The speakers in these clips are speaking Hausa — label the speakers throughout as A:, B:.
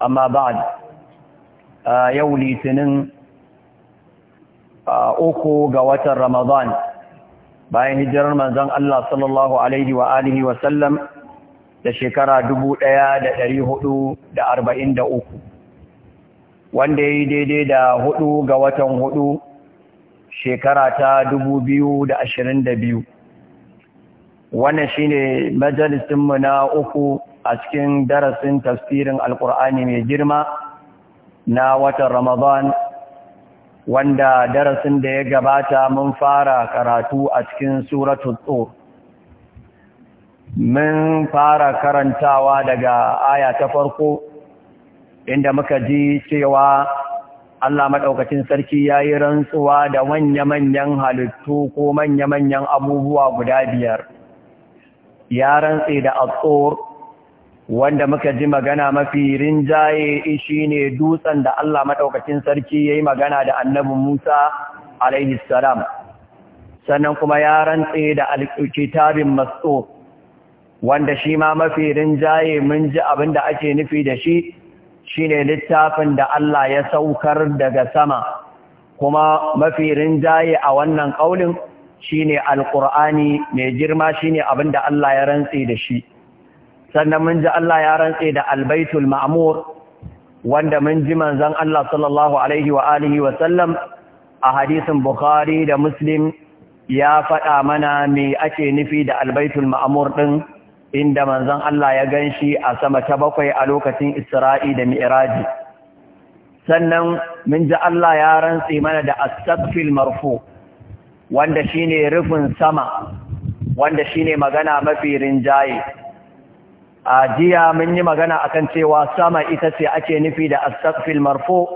A: amma a yau litinin uku ga watan ramadan bayan hijirar manzan Allah sallallahu alaihi wa alihi wa sallam da shekara 1443 wanda yi daidai da hudu ga watan hudu shekara ta da 2022 wannan shine majalisin mu na uku a cikin darasin tafsirin alkur'ani mai girma na watan ramadan wanda darasin da ya gabata mun fara karatu a cikin suratu tsor mun fara karantawa daga aya ta farko inda muka ji cewa Allah maɗaukacin sarki ya yi rantsuwa da manya-manyan halittu ko manya-manyan abubuwa guda biyar ya rantse da atsor wanda muka ji magana mafi rinjaye shi ne dutsen da Allah maɗaukacin sarki ya yi magana da Annabi Musa alaihi salam sannan kuma ya rantse da alkitabin maso wanda shi ma mafi rinjaye mun ji abin da ake nufi da shi shi ne littafin da Allah ya saukar daga sama kuma mafi rinjaye a wannan ƙaunin shi ne alƙur'ani mai girma shi ne abin Allah ya rantse da shi. sannan mun ji Allah ya rantse da albaitul ma'mur wanda mun ji manzon Allah sallallahu alaihi wa alihi wa sallam a hadisin Bukhari da Muslim ya faɗa mana me ake nufi da albaitul ma'mur din inda manzon Allah ya ganshi a sama ta bakwai a lokacin Isra'i da Mi'raji sannan mun ji Allah ya rantse mana da as-saqfil marfu wanda shine rufin sama wanda shine magana mafi rinjaye a jiya mun yi magana akan cewa sama ita ce ake nufi da astaqfil marfu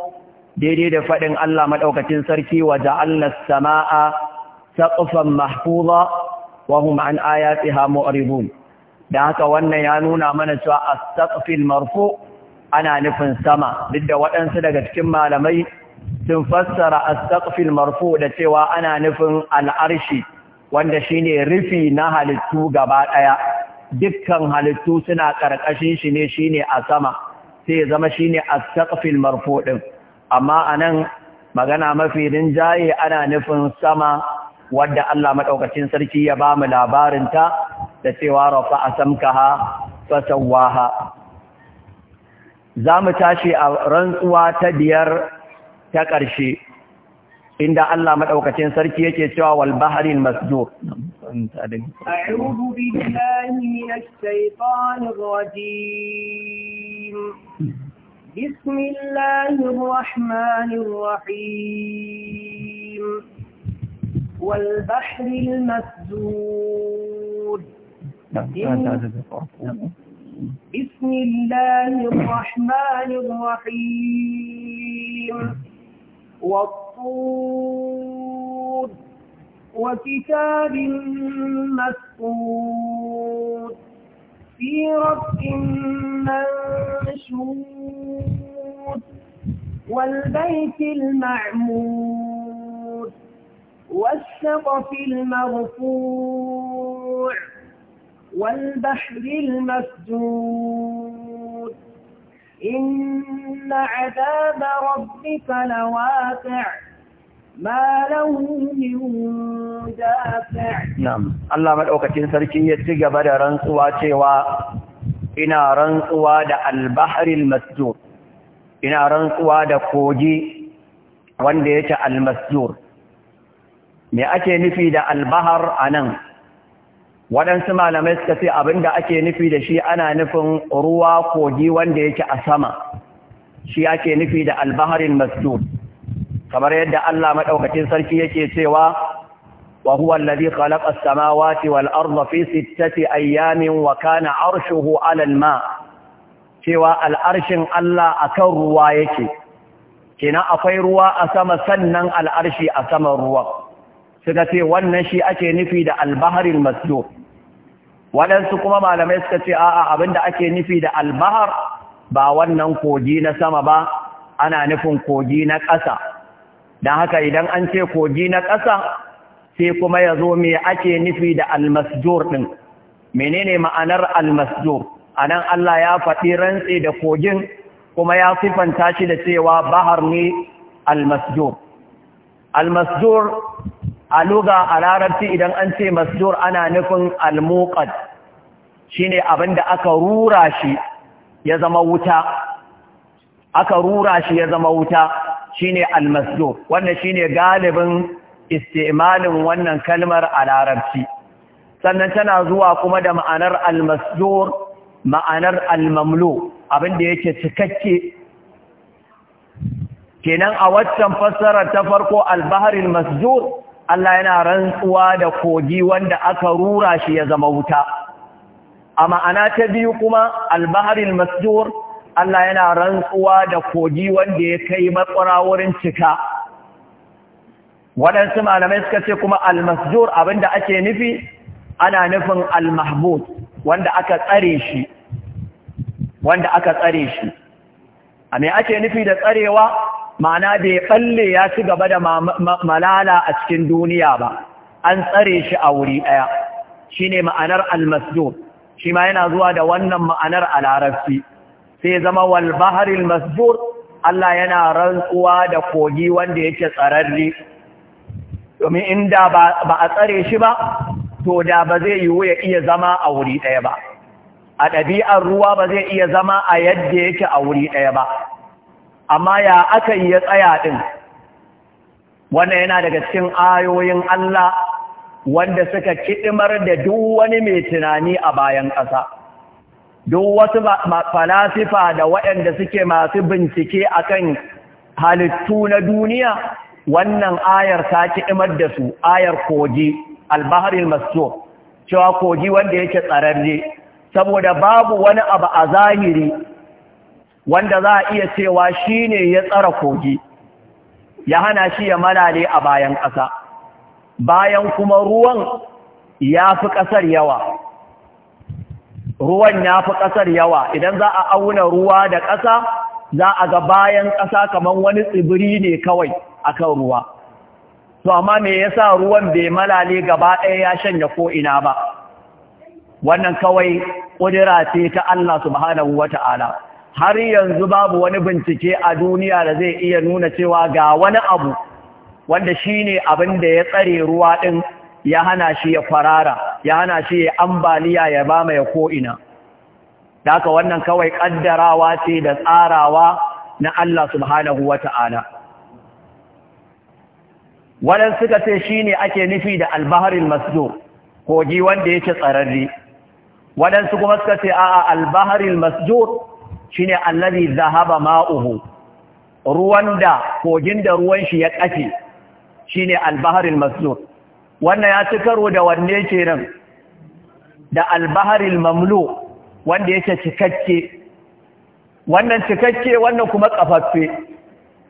A: daidai da fadin Allah madaukakin sarki wa ja'alna samaa saqfan mahfuza wa hum an ayatiha mu'ridun da haka wannan ya nuna mana cewa astaqfil marfu ana nufin sama duk da waɗansu daga cikin malamai sun fassara astaqfil marfu da cewa ana nufin al'arshi wanda shine rufi na halittu gaba ɗaya dukkan halittu suna ƙarƙashin shi ne shine a sama sai zama shine as-saqfil marfu din amma anan magana mafi rinjaye ana nufin sama wadda Allah Maɗaukacin sarki ya ba mu labarin ta da cewa rafa a samkaha fasawaha mu tashi a rantsuwa ta biyar ta ƙarshe inda Allah Maɗaukacin sarki yake cewa wal bahril أنت أعوذ
B: بالله من الشيطان الرجيم بسم الله الرحمن الرحيم والبحر المسجود نعم، بسم الله الرحمن الرحيم والطور وكتاب مسطور في رب منشور والبيت المعمور والسقف المرفوع والبحر المسجود إن عذاب ربك لواقع ما له من دافع
A: نعم الله مدوكتين سركي يتيغا بدا رنسوا cewa ina rantsuwa da al-bahr masjur ina rantsuwa da kogi wanda ya al-masjur me ake nufi da albahar bahr anan waɗansu malamai suka ce abinda ake nufi da shi ana nufin ruwa kogi wanda ya yake a sama shi ake nufi da al-bahr masjur kamar yadda Allah madaukakin sarki yake cewa wa huwa alladhi khalaqa as-samawati wal arda fi sittati ayyamin wa kana arshuhu 'ala al-ma cewa al'arshin Allah akan ruwa yake kina akwai ruwa a sama sannan al'arshi a saman ruwan suka ce wannan shi ake nufi da albaharil masdur waɗansu kuma malamai suka ce a'a abinda ake nufi da albahar ba wannan kogi na sama ba ana nufin kogi na ƙasa don haka idan an ce kogi na ƙasa sai kuma ya zo me ake nufi da almasjur ɗin menene ma'anar almasjor? a nan Allah ya faɗi rantse da kogin kuma ya siffanta shi da cewa bahar ne almasjor." Almasjor a luga a larabci idan an ce masjur ana nufin almuqad shine abin da aka rura shi ya zama wuta aka rura shi ya zama wuta shine al wannan shine galibin istimalin wannan kalmar a larabci sannan tana zuwa kuma da ma'anar al ma'anar almamlo, abinda yake cikakke kenan a waccan fassara ta farko albaharin bahril masdur Allah yana rantsuwa da kogi wanda aka rura shi ya zama wuta a ma'ana ta biyu kuma albaharin bahril masdur Allah yana rantsuwa da kogi wanda ya kai matsara wurin cika waɗansu malamai suka ce kuma almasjur abinda ake nufi ana nufin almahmud wanda aka tsare shi wanda aka tsare shi a me ake nufi da tsarewa ma'ana bai ɓalle ya ci gaba da malala a cikin duniya ba an tsare shi a wuri ɗaya shine ma'anar almasjur shi ma yana zuwa da wannan ma'anar a larabci sai zama wal baharil Allah yana rantsuwa da kogi wanda yake tsararri. domin inda ba a tsare shi ba to da ba zai yiwu ya iya zama a wuri ɗaya ba a ɗabi'ar ruwa ba zai iya zama a yadda yake a wuri ɗaya ba amma ya aka yi ya tsaya ɗin wannan yana daga cikin ayoyin Allah wanda suka kiɗimar da duk wani mai tunani a bayan ƙasa duk wasu falasifa da waɗanda suke masu bincike a kan halittu na duniya wannan ayar ta kiɗimar da su ayar kogi albaharil maso cewa kogi wanda yake tsararre saboda babu wani abu a zahiri wanda za a iya cewa shi ne ya tsara kogi ya hana shi ya malale a bayan ƙasa bayan kuma ruwan ya fi ƙasar yawa ruwan ya fi ƙasar yawa idan za a auna ruwa da ƙasa za a ga bayan ƙasa kamar wani tsibiri ne kawai akan ruwa to amma me yasa ruwan bai malale gaba ɗaya ya shanya ko ina ba wannan kawai ƙudira ce ta Allah subhanahu ta'ala. har yanzu babu wani bincike a duniya da zai iya nuna cewa ga wani abu wanda shine abin da ya tsare ruwa ɗin ya hana shi ya farara ya hana shi ya ambaliya ya bama ya ko'ina da haka wannan kawai ƙaddarawa ce da tsarawa na Allah subhanahu wa ta'ala wannan suka ce shi ne ake nufi da albaharin masdo kogi wanda yake tsararri waɗansu kuma suka ce a albaharin masdo shi ne allazi zahaba ma'uhu ruwan da kogin da ruwan shi ya ƙafe shi ne albaharin masjur wannan ya ci karo da wanne kenan da albaharil mamlu wanda yake cikakke wannan cikakke wannan kuma kafaffe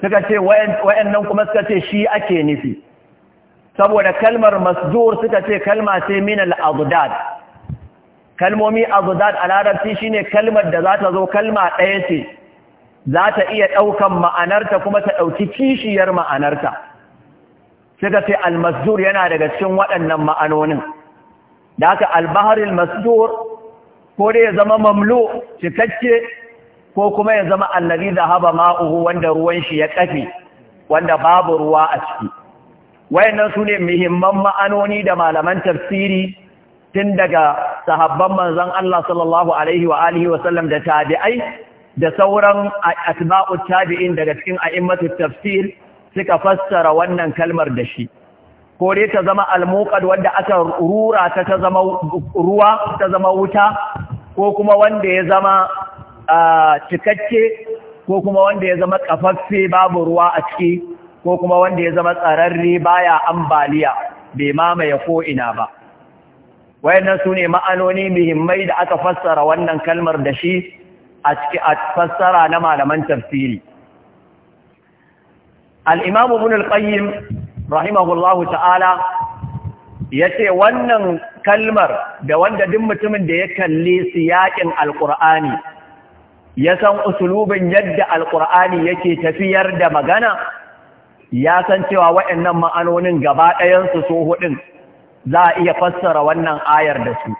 A: suka ce wayannan kuma suka ce shi ake nufi saboda kalmar masdur suka ce kalma ce min al-adad kalmomi azdad a larabci shine kalmar da za ta zo kalma ɗaya ce za ta iya ɗaukan ma'anarta kuma ta ɗauki kishiyar ma'anarta suka ce almasdur yana daga cikin waɗannan ma'anonin da haka albaharil masdur ko dai ya zama mamlu cikakke ko kuma ya zama da haba ma'uhu wanda ruwan shi ya kafe wanda babu ruwa a ciki wayannan sune muhimman ma'anoni da malaman tafsiri tun daga sahabban manzon Allah sallallahu alaihi wa alihi wa sallam da tabi'ai da sauran atba'ut tabi'in daga cikin a'immatut tafsir suka fassara wannan kalmar da shi ko dai ta zama almuqad wanda aka rura ta ta zama ruwa ta zama wuta ko kuma wanda ya zama cikakke ko kuma wanda ya zama kafaffe babu ruwa a ciki ko kuma wanda ya zama tsararre baya ambaliya bai mamaye ko ina ba wayannan sune ma'anoni muhimmai da aka fassara wannan kalmar da shi a cikin fassara na malaman tafsiri al'imamu ibn al rahimahullahu ta'ala ya ce wannan kalmar da wanda duk mutumin da ya kalli siyaƙin alƙur'ani ya san usulubin yadda alƙur'ani yake tafiyar da magana ya san cewa waɗannan ma'anonin gaba ɗayansu so huɗun za a iya fassara wannan ayar da su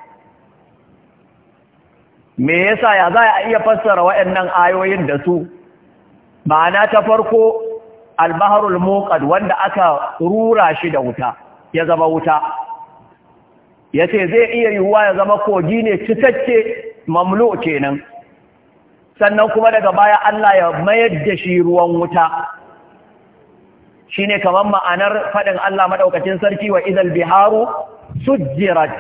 A: me yasa ya za a iya fassara waɗannan ayoyin da su ma'ana ta farko albaharul muqad wanda aka rura shi da wuta ya zama wuta yace zai iya yiwuwa ya zama kogi ne cikakke mamlu kenan sannan kuma daga baya Allah ya mayar da shi ruwan wuta shine kamar ma'anar fadin Allah madaukakin sarki wa idal biharu sujjirat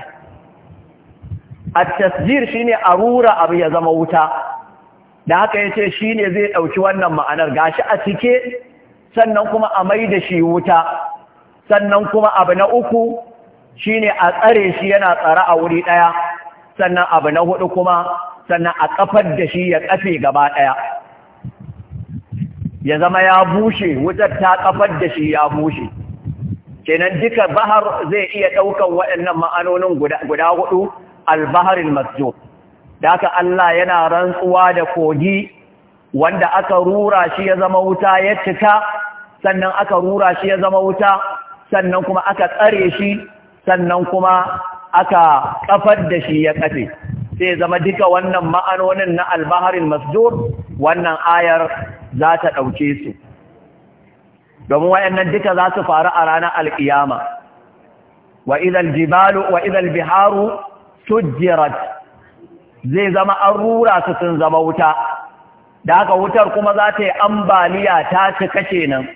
A: at-tasjir shine arura abu ya zama wuta da haka yace shine zai dauki wannan ma'anar gashi a cike sannan kuma a mai da shi wuta sannan kuma abu na uku shine a tsare shi yana tsare a wuri ɗaya sannan abu na hudu kuma sannan a ƙafar da shi ya kafe gaba ɗaya ya zama ya bushe wutar ta ƙafar da shi ya bushe kenan duka bahar zai iya ɗaukan waɗannan ma'anonin guda hudu Albaharin masjid Daka Allah yana rantsuwa da kogi wanda aka rura shi ya zama wuta ya cika sannan aka rura shi ya zama wuta sannan kuma aka tsare shi sannan kuma aka kafar da shi ya kafe sai zama duka wannan ma'anonin na albaharin masdur wannan ayar za ta ɗauke su domin wayannan duka za su faru a ranar alkiyama wa jibalu biharu sujjirat zai zama an rura su sun zama wuta da haka wutar kuma za ta yi ambaliya ta cika kenan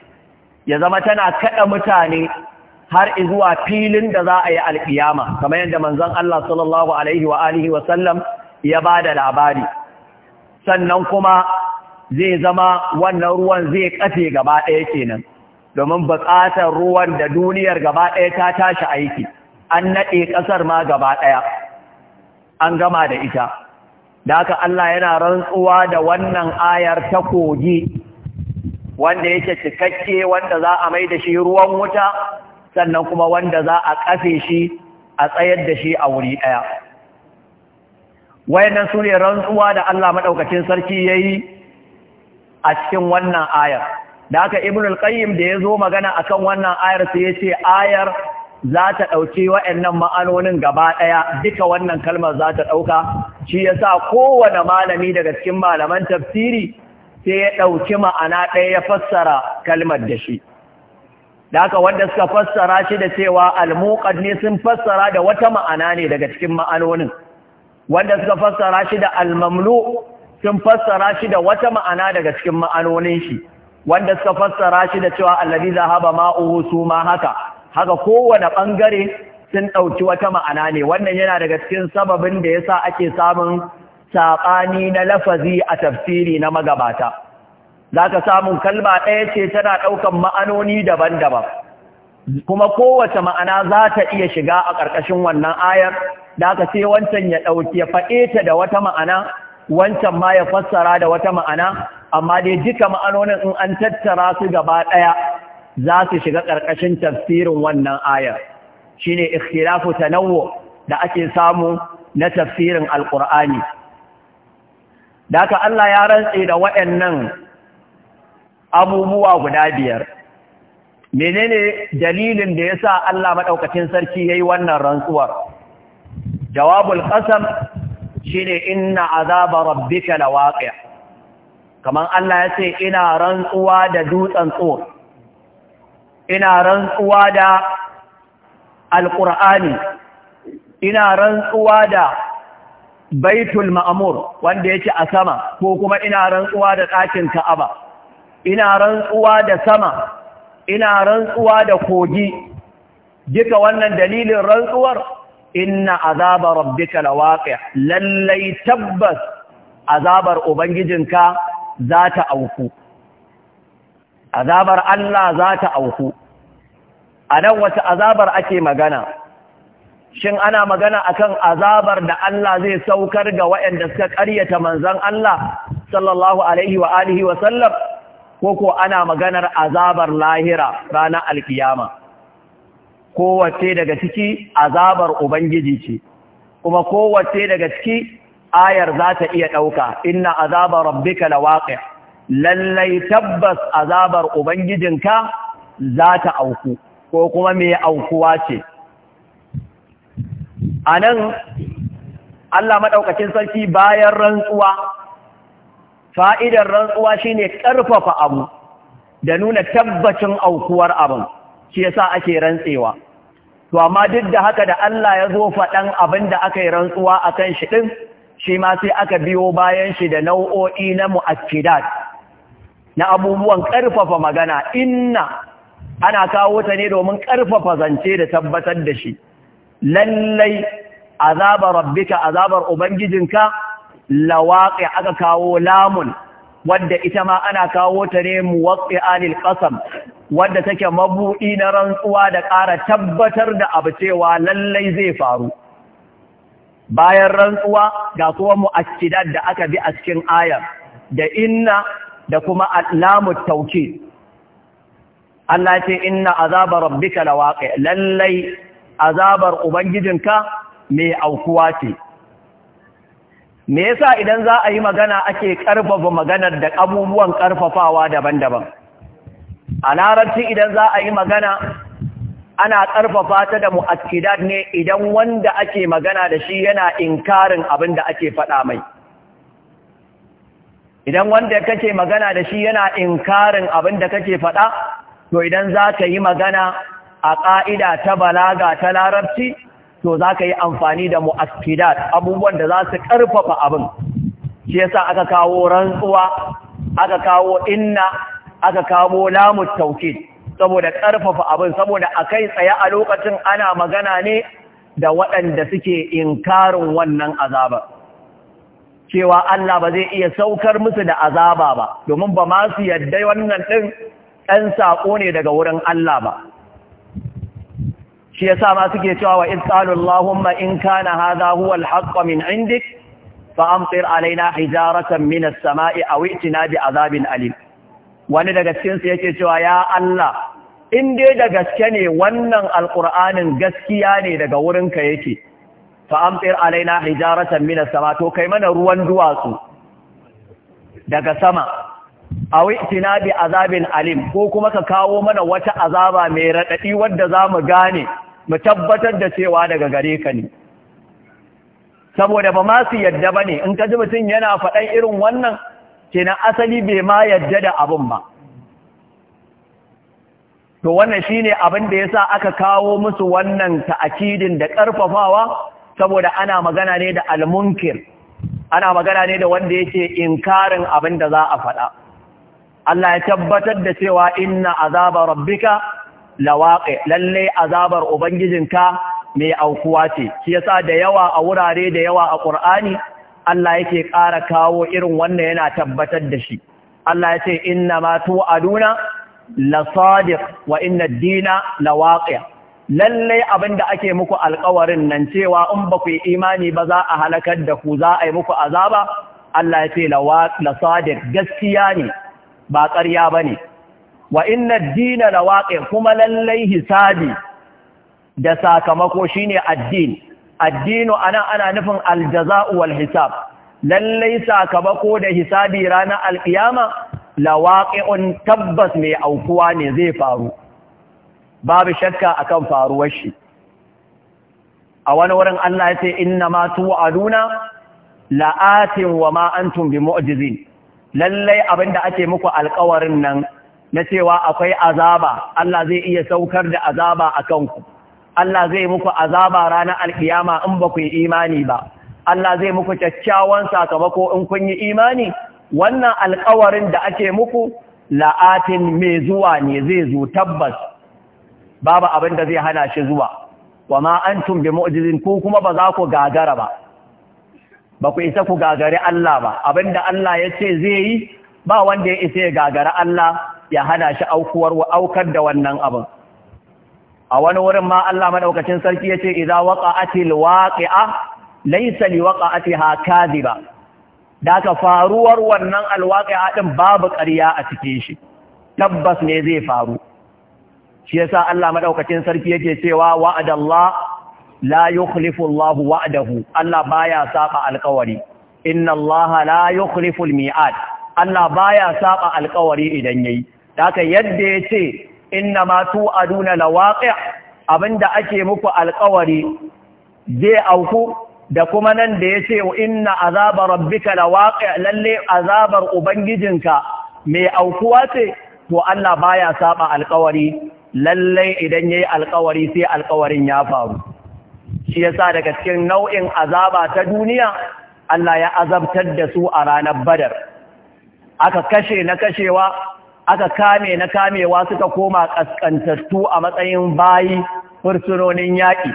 A: ya zama tana kada mutane har zuwa filin da za a yi alkiyama kamar yadda manzon Allah sallallahu alaihi wa alihi wa sallam ya bada labari sannan kuma zai zama wannan ruwan zai kafe gaba ɗaya kenan domin buƙatar ruwan da duniyar gaba ɗaya ta tashi aiki an naɗe ƙasar ma gaba ɗaya an gama da ita da haka Allah yana rantsuwa da wannan ayar ta kogi wanda yake cikakke wanda za a mai da shi ruwan wuta sannan kuma wanda za a kafe shi a tsayar da shi a wuri ɗaya Wai su ne rantsuwa da Allah maɗaukacin sarki ya yi a cikin wannan ayar da haka ibn al-qayyim da ya zo magana akan wannan ayar sai ya ce ayar za ta ɗauki wayannan ma'anonin gaba ɗaya duka wannan kalmar za ta ɗauka shi ya sa kowane malami daga cikin malaman tafsiri sai ya ɗauki ma'ana ɗaya ya fassara kalmar da shi Daka wanda suka fassara shi da cewa almuƙad ne sun fassara da wata ma'ana ne daga cikin ma'anonin wanda suka fassara shi da almamlu sun fassara shi da wata ma'ana daga cikin ma'anonin shi wanda suka fassara shi da cewa allazi zahaba ma'uhu su ma haka haka kowane ɓangare sun ɗauki wata ma'ana ne wannan yana daga cikin sababin da yasa ake samun saɓani na lafazi a tafsiri na magabata za ka samun kalma ɗaya ce tana ɗaukan ma'anoni daban-daban kuma kowace ma'ana za ta iya shiga a ƙarƙashin wannan ayar da aka ce wancan ya ɗauki ya faɗe ta da wata ma'ana wancan ma ya fassara da wata ma'ana amma dai duka ma'anonin in an tattara su gaba ɗaya za su shiga ƙarƙashin tafsirin wannan ayar shine ikhtilafu tanawwu da ake samu na tafsirin alqur'ani da Allah ya rantse da waɗannan abubuwa guda biyar menene dalilin da ya sa Allah maɗaukacin sarki ya yi wannan rantsuwar jawabul shi shine inna azaba rabbika waƙiya Kamar Allah ya ce ina rantsuwa da dutsen tsor ina rantsuwa da Alƙur'ani, ina rantsuwa da baitul ma'amur wanda yake a sama ko kuma ina rantsuwa da ɗakin ka'aba ina rantsuwa da sama ina rantsuwa da kogi duka wannan dalilin rantsuwar inna azaba rabbika lawaqi lallai tabbas azabar ubangijinka za ta auku azabar Allah za ta auku a nan wata azabar ake magana shin ana magana akan azabar da Allah zai saukar ga waɗanda suka ƙaryata manzon Allah sallallahu alaihi wa alihi wa sallam ana maganar azabar lahira ranar alkiyama kowace daga ciki azabar ubangiji ce kuma kowace daga ciki ayar za ta iya ɗauka inna azabar rabbika lawaqi lallai tabbas azabar ubangijinka za ta auku ko kuma me aukuwa ce a nan Allah maɗaukacin sarki bayan rantsuwa fa'idar rantsuwa shine ƙarfafa abu da nuna tabbacin aukuwar abin shi ya sa ake rantsewa to amma duk da haka da Allah ya zo faɗan abin da aka yi rantsuwa a kan shi ɗin shi ma sai aka biyo bayan shi da nau'o'i na mu'akidat na abubuwan ƙarfafa magana inna ana kawo ta ne domin ƙarfafa zance da tabbatar da shi lallai azabar rabbika azabar ubangijinka lawaqi aka kawo lamun wadda ita ma ana kawo ta ne muwaqqi'a lil qasam wadda take mabudi na rantsuwa da ƙara tabbatar da abu cewa lallai zai faru bayan rantsuwa ga kuma mu'akkidat da aka bi a cikin ayar da inna da kuma alamut tawkid Allah ce inna azabar rabbika lawaqi lallai azabar ubangijinka mai aukuwa ce me yasa idan za a yi magana ake karfafa maganar da abubuwan ƙarfafawa daban-daban a larabci idan za a yi magana ana karfafa ta da mu'akkidat ne idan wanda ake magana da shi yana inkarin abin da ake faɗa mai idan wanda kake magana da shi yana inkarin abin da kake faɗa to idan za ka yi magana a ƙa'ida ta balaga ta larabci to za ka yi amfani da mu'askidat abubuwan da za su ƙarfafa abin shi yasa aka kawo rantsuwa aka kawo inna aka kawo lamu tauke, saboda ƙarfafa abin saboda a kai tsaye a lokacin ana magana ne da waɗanda suke inkarin wannan azaba cewa Allah ba zai iya saukar musu da azaba ba domin ba masu su yadda wannan ɗin ɗan saƙo ne daga wurin Allah ba shi yasa ma suke cewa wa idqalu allahumma in kana hadha huwa alhaqqa min indik fa amtir alaina hijaratan min as-sama'i aw itina bi azabin alim wani daga cikin su yake cewa ya Allah in dai da gaske ne wannan alqur'anin gaskiya ne daga wurinka yake fa amtir alaina hijaratan min as-sama to kai mana ruwan duwatsu daga sama aw itina bi azabin alim ko kuma ka kawo mana wata azaba mai radadi wanda zamu gane mu tabbatar da cewa daga gare ka ne saboda ba ma su yadda ba ne in ka ji mutum yana faɗan irin wannan kenan asali bai ma yadda da abin ba to wannan ne abin da ya sa aka kawo musu wannan ta'akidin da ƙarfafawa saboda ana magana ne da almunkir ana magana ne da wanda yake inkarin abin da za a faɗa Allah ya tabbatar da cewa inna azaba rabbika lawaƙe lalle azabar ubangijinka mai aukuwa ce shi yasa da yawa a wurare da yawa a ƙur'ani Allah yake ƙara kawo irin wannan yana tabbatar da shi Allah ya ce inna ma tu'aduna la sadiq wa inna ad-dina lawaqi lalle abinda ake muku alƙawarin nan cewa in ba ku yi imani ba za a halakar da ku za a yi muku azaba Allah ya ce la sadiq gaskiya ne ba ƙarya bane wa inna dina da waƙe kuma lallai hisabi da sakamako shine addin addini anan ana nufin aljaza'u wal hisab lallai sakamako da hisabi ranar alƙiyama la waƙi'un tabbas mai aukuwa ne zai faru babu shakka akan faruwar shi a wani wurin Allah ya ce inna ma tu'aduna la'atin wa ma'antun bi mu'jizin lallai abinda ake muku alƙawarin nan na cewa akwai azaba Allah zai iya saukar da azaba a kanku Allah zai muku azaba ranar alkiyama in ba ku yi imani ba Allah zai muku kyakkyawan sakamako in kun yi imani wannan alkawarin da ake muku la'atin mai zuwa ne zai zo tabbas babu abin da zai hana shi zuwa wa ma antum bi mu'jizin ku kuma ba za ku gagara ba ba ku isa ku gagari Allah ba abinda Allah ya ce zai yi ba wanda ya isa ya gagari Allah ya hana shi aukuwar wa aukar da wannan abin a wani wurin ma Allah madaukakin sarki yace idza waqa'atil waqi'a laysa liwaqa'atiha kadhiba daka faruwar wannan alwaqi'a din babu ƙarya a cikin shi tabbas ne zai faru shi yasa Allah madaukakin sarki yake cewa wa'adallah la yukhlifu Allah wa'dahu Allah baya saba alƙawari inna Allah la yukhlifu miad Allah baya saba alƙawari idan yayi haka yadda ya ce inna ma tu'aduna lawaqi' abinda ake muku alƙawari zai auku da kuma nan da ya ce inna azaba rabbika lawaqi' lalle azabar ubangijinka mai aukuwa ce to Allah baya saba alƙawari lalle idan yayi alƙawari sai alƙawarin ya faru shi yasa daga cikin nau'in azaba ta duniya Allah ya azabtar da su a ranar Badar aka kashe na kashewa aka kame na kamewa suka koma ƙasƙantattu a matsayin bayi fursunonin yaƙi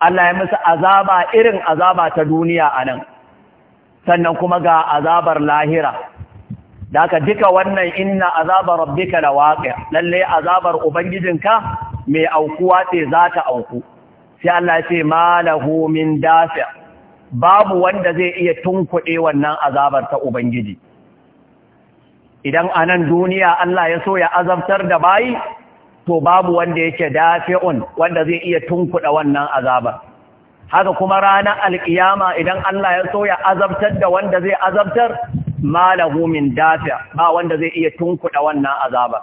A: Allah ya musu azaba irin azaba ta duniya a nan sannan kuma ga azabar lahira da aka duka wannan inna azabar rabbika na waƙe, Lallai azabar ubangijinka mai aukuwa ce za ta auku sai Allah ya ce malahu min dafi babu wanda zai iya tunkuɗe wannan azabar ta ubangiji idan a nan duniya Allah ya so ya azabtar da bayi to babu wanda yake dafi'un wanda zai iya tunkuɗa wannan azabar haka kuma ranar alkiyama idan Allah ya so ya azabtar da wanda zai azabtar malahu min dafi'a ba wanda zai iya tunkuɗa wannan azabar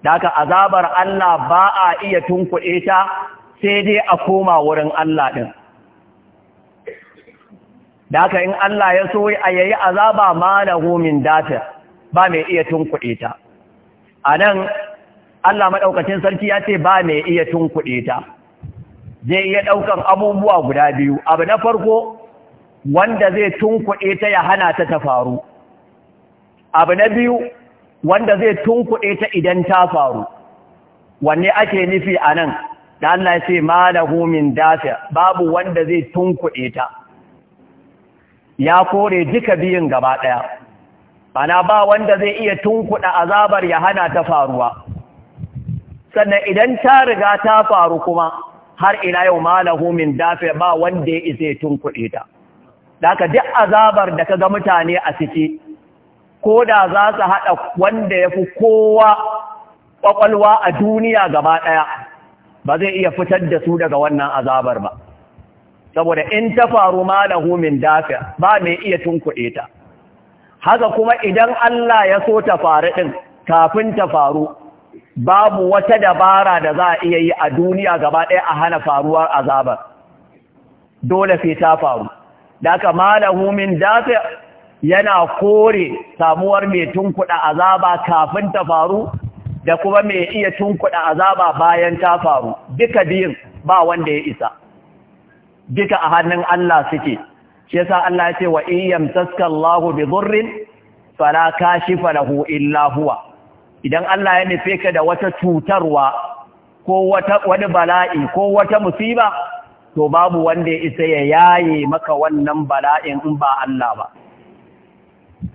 A: daga azabar Allah ba a iya tunkuɗe ta sai dai a koma wurin Allah ɗin daga in Allah ya so ya yayi azaba malahu min dafi ba mai iya tunkuɗe ta a nan Allah maɗaukacin sarki ya ce ba mai iya tunkuɗe ta zai iya ɗaukan abubuwa guda biyu abu na farko wanda zai tunkuɗe ta ya hana ta ta faru abu na biyu wanda zai tunkuɗe ta idan ta faru wanne ake nufi a nan da Allah ya ce malahu min dafi babu wanda zai tunkuɗe ta ya kore duka biyun gaba ɗaya ana ba wanda zai iya tunkuɗa azabar ya hana ta faruwa sannan idan ta riga ta faru kuma har ina yau malahu min dafi ba wanda ya isa tunkuɗe ta daga duk azabar da ka ga mutane a ciki ko da za su haɗa wanda ya fi kowa ƙwaƙwalwa a duniya gaba ɗaya ba zai iya fitar da su daga wannan azabar ba saboda in ta faru malahu min dafi ba mai iya tunkuɗe ta haka kuma idan Allah ya so ta faru ɗin kafin ta faru babu wata dabara da za a iya yi a duniya gaba ɗaya a hana faruwar azabar dole sai ta faru da aka malahu min dafi yana kore samuwar mai tunkuɗa azaba kafin ta faru da kuma mai iya tunkuɗa azaba bayan ta faru duka biyun ba wanda ya isa duka a hannun Allah suke shi yasa Allah ya ce wa in taskallahu bi dhurrin fala kashifa lahu illa huwa idan Allah ya nufe ka da wata cutarwa ko wata wani bala'i ko wata musiba to babu wanda ya isa ya yaye maka wannan bala'in in ba Allah ba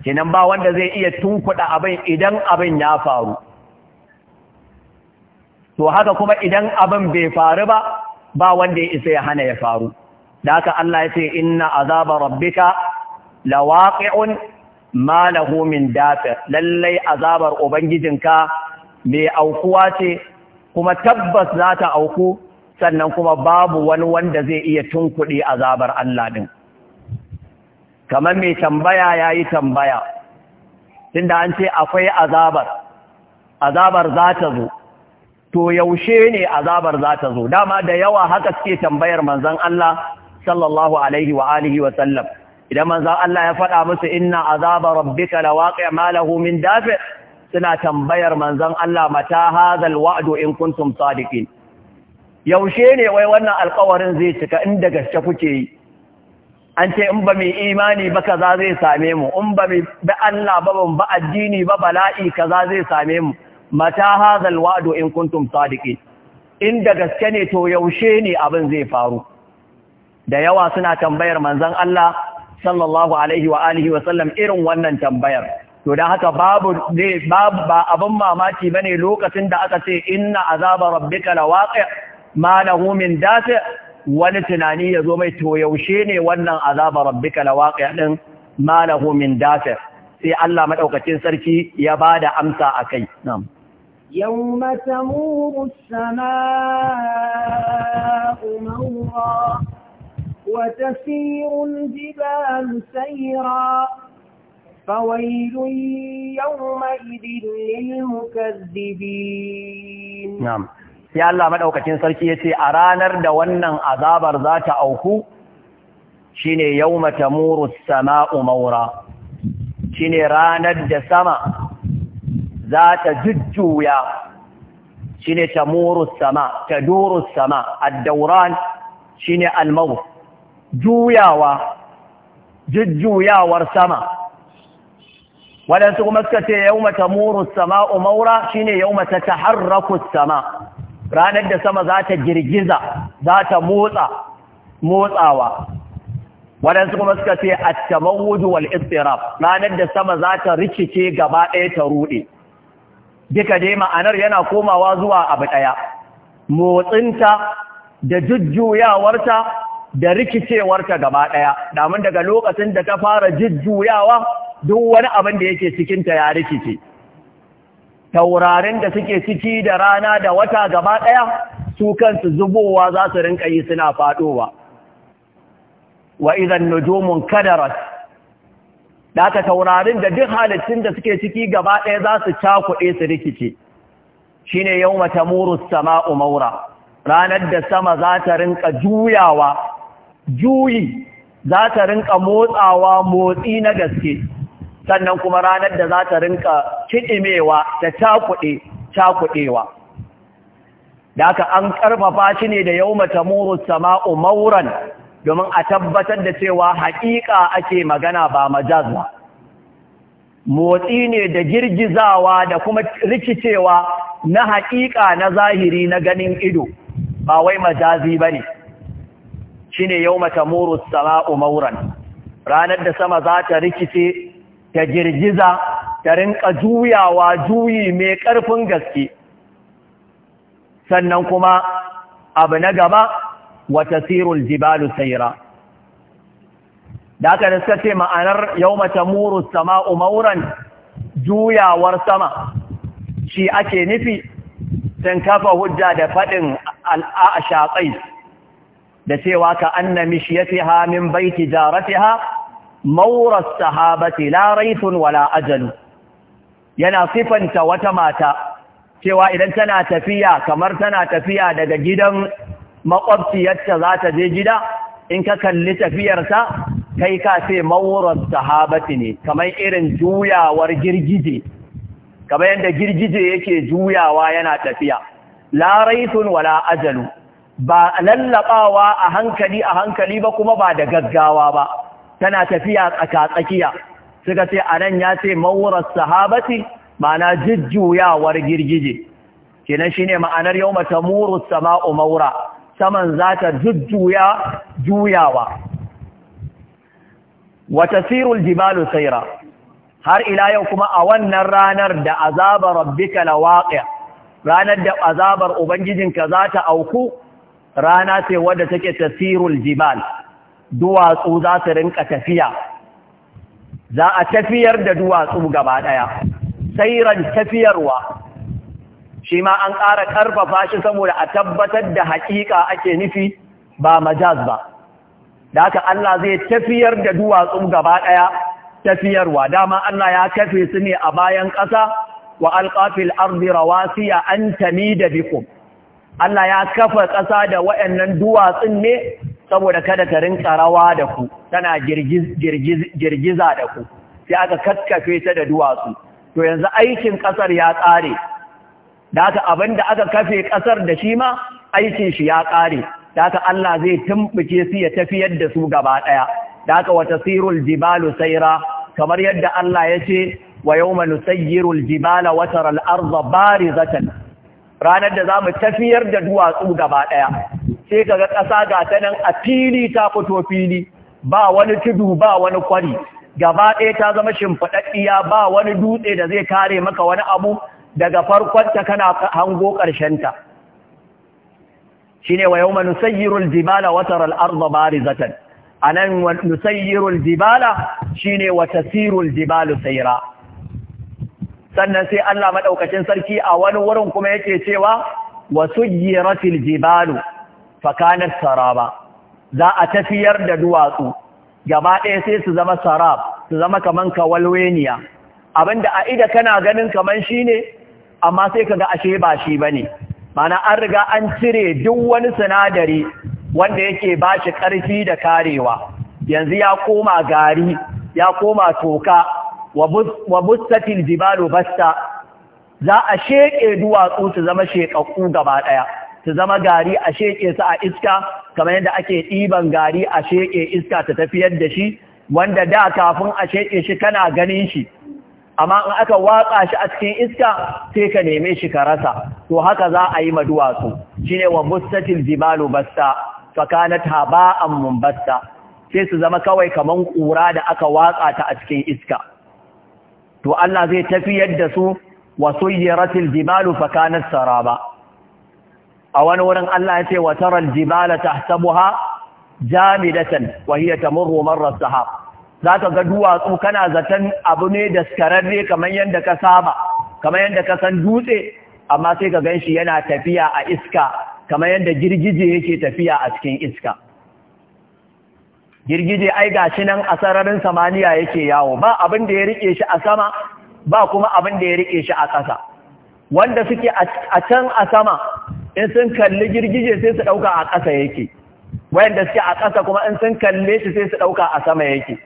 A: kenan ba wanda zai iya tunkuɗa abin idan abin ya faru to haka kuma idan abin bai faru ba ba wanda ya isa ya hana ya faru da haka Allah ya ce inna azaba rabbika lawaqi'un ma lahu min dafi lallai azabar ubangijinka mai aukuwa ce kuma tabbas za ta auku sannan kuma babu wani wanda zai iya tunkuɗe azabar Allah din kamar mai tambaya yayi tambaya tunda an ce akwai azabar azabar za ta zo to yaushe ne azabar za ta zo dama da yawa haka suke tambayar manzon Allah sallallahu alaihi wa alihi wa sallam idan manzon Allah ya faɗa musu inna azaba rabbika lawaqi' ma lahu min dafi suna tambayar manzon Allah mata hadhal wa'du in kuntum sadiqin yaushe ne wai wannan alƙawarin zai cika In inda gaske kuke yi an ce in ba mai imani ba kaza zai same mu in ba mai bi Allah ba ban ba addini ba bala'i kaza zai same mu mata hadhal wa'du in kuntum sadiqin da gaske ne to yaushe ne abin zai faru da yawa suna tambayar manzon Allah sallallahu alaihi wa alihi wa sallam irin wannan tambayar to dan haka babu ba abin mamaki bane lokacin da aka ce inna azaba rabbika lawaqi ma lahu min dafi wani tunani ya zo mai to yaushe ne wannan azaba rabbika lawaqi din ma lahu min dafi sai Allah madaukakin sarki ya bada amsa akai na'am
B: يوم تمور السماء مورا وتسير الجبال سيرا فويل يومئذ للمكذبين نعم
A: sai Allah madaukakin sarki yace a ranar da wannan azabar za ta auku shine yawma tamuru as-sama'u mawra shine ranar da sama za ta jujjuya shine tamuru as-sama taduru as-sama ad-dawran shine al-mawt juyawa jujjuyawar sama waɗansu kuma suka ce yau mata muru sama umaura shi ne yau mata ta harraku sama ranar da sama za ta girgiza za ta motsa motsawa waɗansu kuma suka ce a tamawudu wal istirab ranar da sama za ta rikice gaba ɗaya ta ruɗe duka dai ma'anar yana komawa zuwa abu ɗaya motsinta da jujjuyawarta da rikicewarta gaba ɗaya damun daga lokacin da ta fara jujjuyawa duk wani abin da yake cikinta ya rikice taurarin da suke ciki da rana da wata gaba ɗaya su kansu zubowa za su rinka yi suna faɗowa wa idan nujumun kadarat da taurarin da duk halittun da suke ciki gaba ɗaya za su cakuɗe su rikice shi ne yau mata murus sama'u maura ranar da sama za ta rinka juyawa juyi za ta rinka motsawa motsi na gaske sannan kuma ranar da za ta rinka kiɗimewa da cakuɗe cakuɗewa da aka an ƙarfafa shi ne da yau matamoru sama'u mauran domin a tabbatar da cewa haƙiƙa ake magana ba majaz ba motsi ne da girgizawa da kuma rikicewa na haƙiƙa na zahiri na ganin ido ba wai majazi ba ne shine yawma tamuru as-sama'u mawran ranar da sama za ta rikice ta girgiza ta rinka juyawa juyi mai ƙarfin gaske sannan kuma abu na gaba wata sirul jibalu saira da aka da suka ce ma'anar yau mata muru sama umauran juyawar sama shi ake nufi sun kafa hujja da faɗin al'ashaƙai da cewa ka anna mishiyatiha min baiti jaratiha mauras sahabati la raifun wala ajalu yana sifanta wata mata cewa idan tana tafiya kamar tana tafiya daga gidan makwabciyarta za ta je gida in ka kalli tafiyarsa, kai ka ce mauras sahabati ne kamar irin juyawar girgije kamar yadda girgije yake juyawa yana tafiya la raifun wala ajalu ba lallabawa a hankali a hankali ba kuma ba da gaggawa ba tana tafiya tsakatsakiya, tsakiya suka ce a nan ya ce mawurar sahabati ma'ana jujjuyawar girgije kenan shine ma'anar yau mata murus sama'u maura saman za ta jujjuya juyawa wata sirul jibalu saira har ila yau kuma a wannan ranar da azabar rabbika lawaqi'a ranar da azabar ubangijinka za ta auku rana ce wadda take tasirul jibal duwatsu za su rinka tafiya za a tafiyar da duwatsu gaba ɗaya sairan tafiyarwa shi ma an ƙara ƙarfafa shi saboda a tabbatar da haƙiƙa ake nufi ba majaz ba da haka Allah zai tafiyar da duwatsu gaba ɗaya tafiyarwa dama Allah ya kafe su ne a bayan ƙasa wa alƙafil ardi rawasiya an tamida bikum Allah ya kafa ƙasa da waɗannan duwatsun ne saboda kada ta rinka rawa da ku tana girgiza da ku sai aka kakkafe ta da duwatsu to yanzu aikin ƙasar ya ƙare da abin da aka kafe ƙasar da shi ma aikin shi ya ƙare da Allah zai tumɓuke su ya tafiyar da su gaba ɗaya da haka wata sirul jibalu saira kamar yadda Allah ya ce wa yau manu sayyirul jibala watar al'arza barizatan ranar da za mu tafiyar da duwatsu gaba ɗaya sai ga ƙasa ga ta nan a fili ta fito fili ba wani tudu ba wani kwari gaba ɗaya ta zama shimfiɗaɗɗiya ba wani dutse da zai kare maka wani abu daga farkon ta kana hango ƙarshenta shi ne wa ma nusayyirul jibala watar al'arba barizatan a nan nusayyirul jibala shi ne wa tasirul jibalu saira sannan sai Allah maɗaukacin sarki a wani wurin kuma yake cewa wasuyyiratil jibalu fakanar saraba za a tafiyar da duwatsu gaba ɗaya sai su zama sarab su zama kaman kawalweniya abinda a ida kana ganin kaman shine amma sai ka ga ashe ba shi bane mana an riga an cire duk wani sinadari wanda yake ba shi ƙarfi da karewa yanzu ya koma gari ya koma toka wa bustatil jibalu basta za a sheke duwatsu su zama shekakku gaba ɗaya, su zama gari a sheke su a iska kamar yadda ake ɗiban gari a sheke iska ta tafiyar da shi wanda da kafin a sheke shi kana ganin shi amma in aka watsa shi a cikin iska sai ka neme shi ka rasa to haka za a yi ma duwatsu shine wa bussatil jibalu basta fa kanat haba'an munbasta sai su zama kawai kaman kura da aka watsa ta a cikin iska to Allah zai tafiyar da su wa suyyiratil jibalu fa kanat saraba a wani wurin Allah ya ce wa taral jibala tahsabuha jamidatan wa hiya tamurru marra sahab zaka ga duwatsu kana zaton abu ne daskararre kamar yanda ka saba kaman yanda ka san dutse amma sai ka ganshi yana tafiya a iska kamar yanda girgije yake tafiya a cikin iska girgije ai ga shi nan a sararin samaniya yake yawo ba abin da ya rike shi a sama ba kuma abin da ya rike shi a ƙasa wanda suke a can a sama in sun kalli girgije sai su ɗauka a ƙasa yake wayanda suke a ƙasa kuma in sun kalle shi sai su ɗauka a sama yake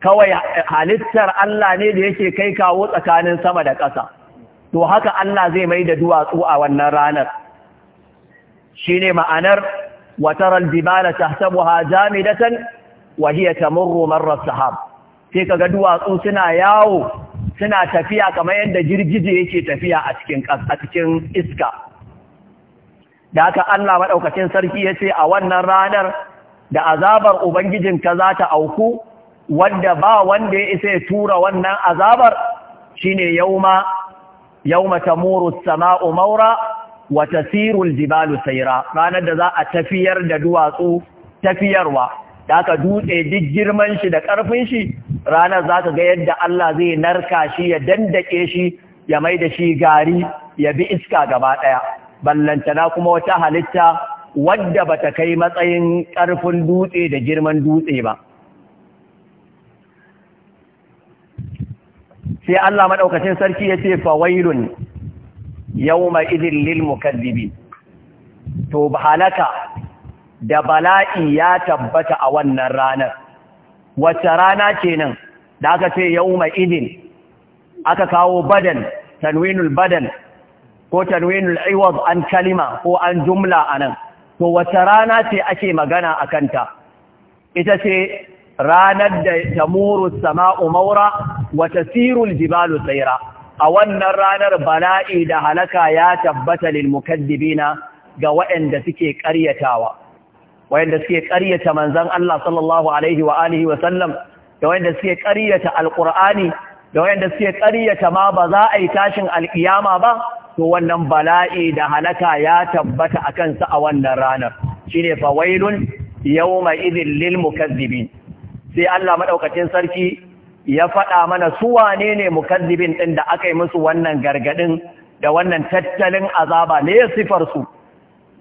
A: kawai halittar Allah ne da yake kai kawo tsakanin sama da ƙasa to haka Allah zai mai da duwatsu a wannan ranar shi ne ma'anar وترى الجبال تحسبها جامدة وهي تمر مر السحاب sai kaga duwatsu suna yawo suna tafiya kamar yadda girgije yake tafiya a cikin a cikin iska da haka Allah madaukakin sarki yace a wannan ranar da azabar ubangijin ka za ta auku wanda ba wanda ya isa ya tura wannan azabar shine yauma yauma tamuru as-sama'u maura. Wata tasirul jibalu Saira, ranar da za a tafiyar da duwatsu tafiyarwa da aka dutse duk girman shi da karfin shi ranar za ka ga yadda Allah zai narka shi ya dandake shi ya mai da shi gari ya bi iska gaba daya ballantana kuma wata halitta wadda bata kai matsayin karfin dutse da girman dutse ba sai Allah madaukakin sarki yace fawailun yawma idin lil mukazzibi to halaka da bala'i ya tabbata a wannan ranar wacce rana kenan da aka ce yawma idin aka kawo badan tanwinul badan ko tanwinul iwad an kalima ko an jumla nan. to wace rana ce ake magana a kanta ita ce ranar da tamuru sama'u maura wata sirul jibalu tsaira a wannan ranar bala'i da halaka ya tabbata lil ga waɗanda suke ƙaryatawa waɗanda suke ƙaryata manzon Allah sallallahu alaihi da waɗanda suke ƙaryata alqur'ani da waɗanda suke ƙaryata ma ba za a yi tashin al'iyama ba to wannan bala'i da halaka ya tabbata a kansa a wannan ranar shine fawailun ma idhil lil mukazzibin sai Allah maɗaukacin sarki ya faɗa mana su wane ne mukazzibin ɗin da aka yi musu wannan gargaɗin da wannan tattalin azaba ne ya sifar su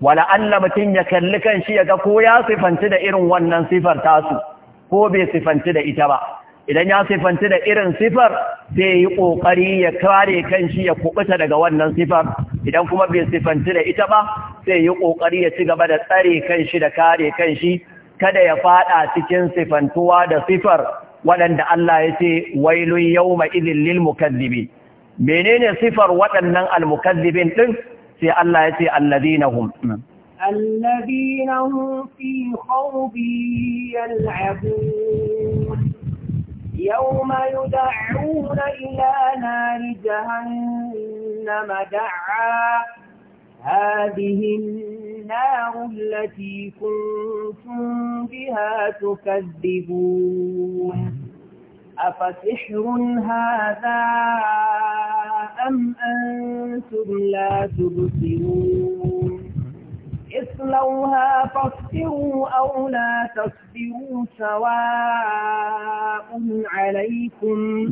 A: wala Allah mutum ya kalli kan shi ya ga ko ya sifanci da irin wannan sifar tasu ko bai sifanci da ita ba idan ya sifanci da irin sifar sai yi ƙoƙari ya kare kan shi ya kubuta daga wannan sifar idan kuma bai sifanci da ita ba sai yi ƙoƙari ya ci gaba da tsare kan shi da kare kan shi kada ya faɗa cikin sifantuwa da sifar waɗanda Allah ya ce wailun yawma idhil lil mukazzibin menene sifar waɗannan almukazzibin ɗin, sai Allah ya ce alladhina hum
B: الذين هم في خوض يلعبون يوم يدعون إلى نار جهنم دعا هذه النار التي كنتم بها تكذبون أفسحر هذا أم أنتم لا تبصرون اصلوها فاصبروا أو لا تصبروا سواء عليكم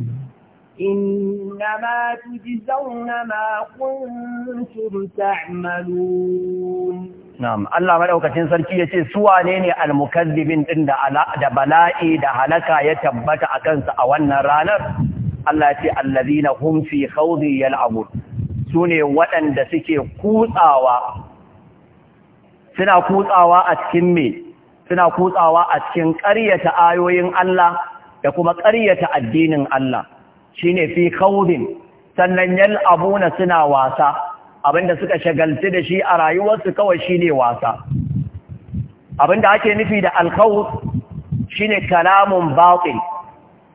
B: إنما تجزون ما كنتم تعملون
A: نعم الله مدaukakin sarki yace su wane ne ɗin din da bala'i da halaka ya tabbata a kansa a wannan ranar Allah yace allazina waɗanda suna kutsawa a cikin me suna kutsawa a cikin ƙaryata ayoyin Allah da kuma ƙaryata addinin Allah Shi ne fi khawdin sannan na suna wasa abinda suka shagalci da shi a rayuwarsu kawai shi ne wasa abinda ake nufi da al shi ne kalamun baƙin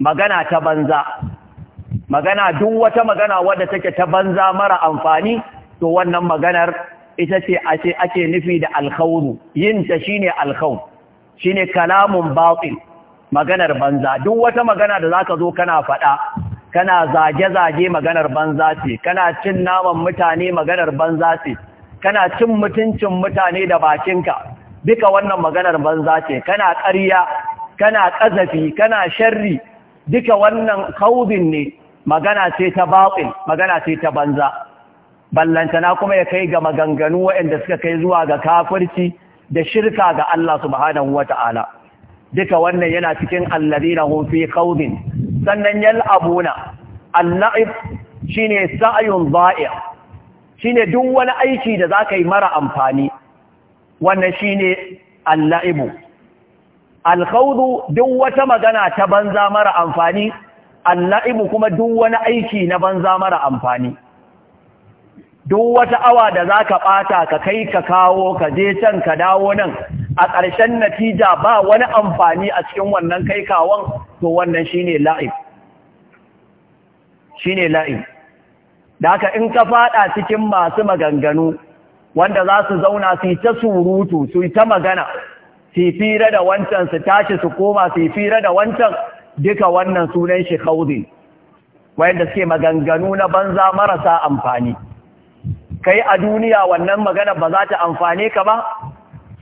A: magana ta banza magana duk wata magana wadda take ta banza mara amfani to wannan maganar ita ce ake nufi da alkawu yin ta shine alkawu shine kalamun batil maganar banza duk wata magana da zaka zo kana faɗa kana zage-zage maganar banza ce kana cin naman mutane maganar banza ce kana cin mutuncin mutane da bakinka duka wannan maganar banza ce kana ƙarya kana ƙazafi kana sharri duka wannan kaubin ne magana ce ta baƙin magana ce ta banza ballantana kuma ya kai ga maganganu waɗanda suka kai zuwa ga kafirci da shirka ga Allah subhanahu wata'ala duka wannan yana cikin alladina hum fi qaudin sannan yal'abuna al-la'ib shine sa'yun za'i' shine duk wani aiki da zaka yi mara amfani wannan shine al-la'ibu al-khawdu duk wata magana ta banza mara amfani al-la'ibu kuma duk wani aiki na banza mara amfani duk wata awa da za ka ɓata ka kai ka kawo ka je can ka dawo nan a ƙarshen natija ba wani amfani a cikin wannan kai kawon to wannan shine shi ne da haka in ka faɗa cikin masu maganganu wanda za su zauna su yi ta surutu su yi ta magana su yi fira da wancan su tashi su koma su yi fira da wancan duka wannan sunan shi kauzi wayanda suke maganganu na banza marasa amfani ka yi a duniya wannan magana ba za ta amfane ka ba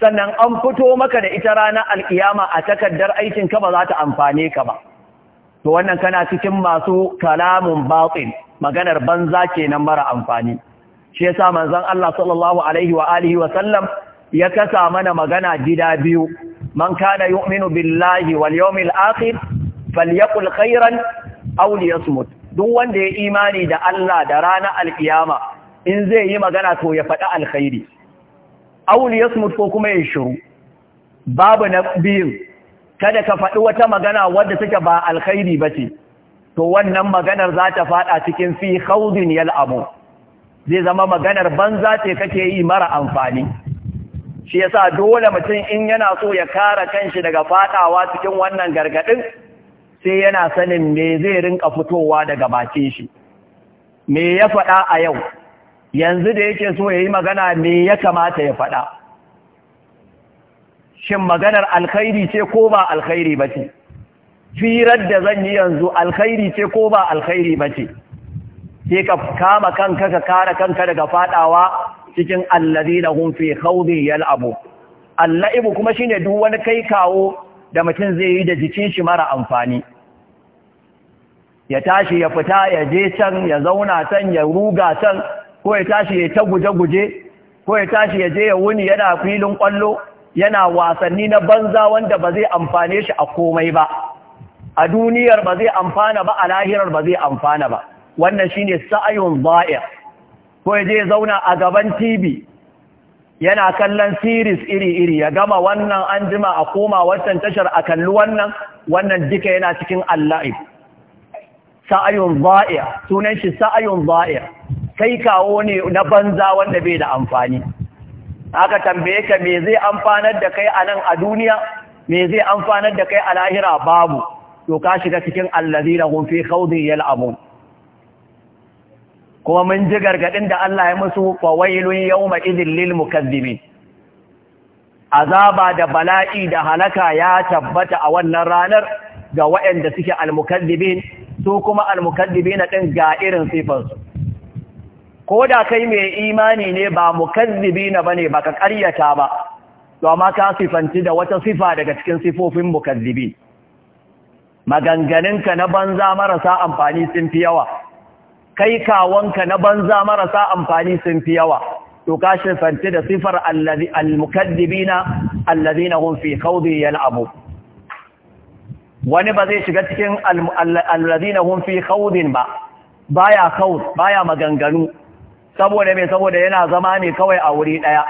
A: sannan an fito maka da ita ranar alkiyama a takardar aikinka ba za ta amfane ka ba to wannan kana cikin masu kalamun batsin, maganar banza kenan mara amfani shi yasa manzon Allah sallallahu alaihi wa alihi wa ya kasa mana magana gida biyu man kana yu'minu billahi wal yawmil akhir falyaqul khairan aw liyasmut duk wanda ya imani da Allah da ranar alkiyama in zai yi magana to ya faɗi alkhairi awul yasmut ko kuma ya shiru babu na biyu kada ka faɗi wata magana wadda take ba alkhairi ba ce, to wannan maganar za ta faɗa cikin fi khawdin yal'amu zai zama maganar banza ce kake yi mara amfani shi yasa dole mutum in yana so ya kare kanshi daga faɗawa cikin wannan gargadin sai yana sanin me zai rinka fitowa daga bakin shi me ya faɗa a yau yanzu da yake so ya yi magana me ya kamata ya faɗa shin maganar alkhairi ce ko ba alkhairi ba ce firar da zan yi yanzu alkhairi ce ko ba alkhairi ba ce sai ka kama kanka ka kare kanka daga faɗawa cikin na hum fi khawdin yal'abu allaibu kuma shine duk wani kai kawo da mutum zai yi da jikin shi mara amfani ya tashi ya fita ya je can ya zauna can ya ruga can ko ya tashi ya ta guje-guje ko ya tashi ya je ya wuni yana filin kwallo yana wasanni na banza wanda ba zai amfane shi a komai ba a duniyar ba zai amfana ba a lahirar ba zai amfana ba wannan shine sa'ayun za'ir ko ya je ya zauna a gaban TV yana kallon series iri-iri ya gama wannan an jima a koma wancan tashar a kalli wannan wannan duka yana cikin Allah'ib sa'ayun za'ir sunan shi sa'ayun za'ir kai kawo ne na banza wanda bai da amfani aka tambaye ka me zai amfanar da kai a nan a duniya me zai amfanar da kai a lahira babu to ka shiga cikin allazina hum fi khawdin yal'amun kuma mun ji gargadin da Allah ya musu fawailun yawma idhil lil mukazzibin azaba da bala'i da halaka ya tabbata a wannan ranar ga waɗanda suke al-mukazzibin su kuma al-mukazzibina din ga irin sifansu ko da kai mai imani ne ba mukazzibi na bane ba ka ƙaryata ba to amma ka sifanci da wata sifa daga cikin sifofin mukazzibi maganganunka na banza marasa amfani sun fi yawa kai kawonka na banza marasa amfani sun fi yawa to ka sifanci da sifar al-mukaddibina allazina hum fi khawdi yal'abu wani ba zai shiga cikin allazina hum fi khawdin ba baya khawd baya maganganu saboda mai saboda yana zama ne kawai a wuri ɗaya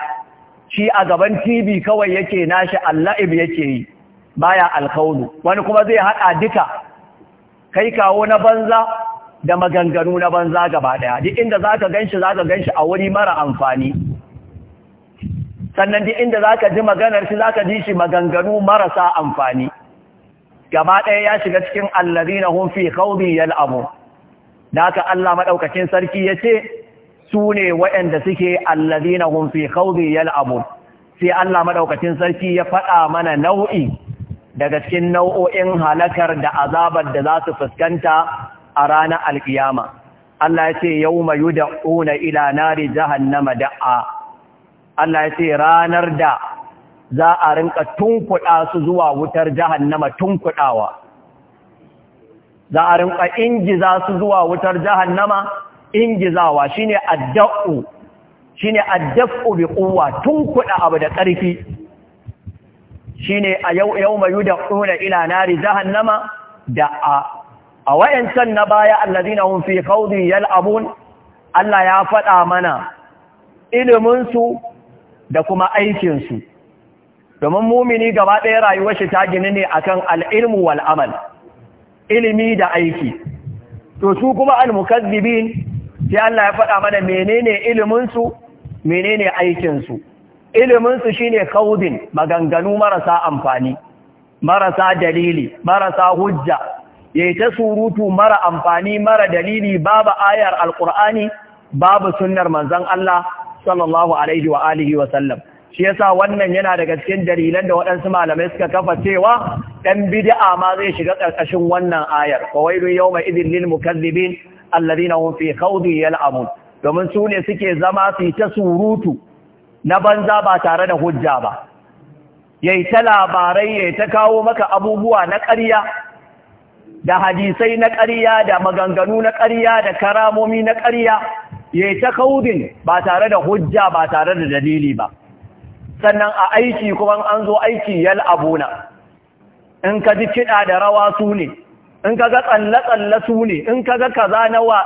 A: shi a gaban tv kawai yake nashi alla'ib yake yi baya alkaunu wani kuma zai haɗa duka kai kawo na banza da maganganu na banza gaba ɗaya duk inda za ka gan shi za ka gan shi a wuri mara amfani sannan duk inda za ka ji maganar shi za ka ji shi maganganu marasa amfani gaba ɗaya ya shiga cikin allazina hum fi khawdi yal'amu da haka Allah maɗaukacin sarki ya ce. su ne waɗanda suke allazina hum fi khawdi sai Allah madaukakin sarki ya faɗa mana nau'i daga cikin nau'o'in halakar da azabar da za su fuskanta a ranar alkiyama Allah ya ce yawma yud'una ila nari jahannama da'a Allah ya ce ranar da za a rinka tunkuɗa su zuwa wutar jahannama tunkuɗawa za a rinka za su zuwa wutar jahannama ingizawa shine adda'u shine adda'u bi quwwa tunkuda abu da ƙarfi shine a yau yawma yud'una ila nari jahannama da a wayancan na baya alladina hum fi khawdi yal'abun Allah ya faɗa mana Iliminsu da kuma aikinsu. domin mumini gaba ɗaya rayuwar shi ta gini ne akan al'ilmu wal amal ilimi da aiki to su kuma al-mukazzibin sai Allah ya faɗa mana menene iliminsu menene aikinsu iliminsu shine kaudin maganganu marasa amfani marasa dalili marasa hujja yayi ta surutu mara amfani mara dalili babu ayar alqur'ani babu sunnar manzon Allah sallallahu alaihi wa alihi wa sallam shi yasa wannan yana daga cikin dalilan da waɗansu malamai suka kafa cewa dan bid'a ma zai shiga ƙarƙashin wannan ayar fawailun yawma idhil lil mukazzibin alladhina hum fi khawdi yal'amun domin su ne suke zama su ta surutu na banza ba tare da hujja ba yayi ta labarai yayi ta kawo maka abubuwa na ƙarya da hadisai na ƙarya da maganganu na ƙarya da karamomi na ƙarya yayi ta kaudin ba tare da hujja ba tare da dalili ba sannan a aiki kuma an zo aiki ya yal'abuna in ka ji kiɗa da rawa su ne in ka ga tsalle-tsalle su ne in ka kaza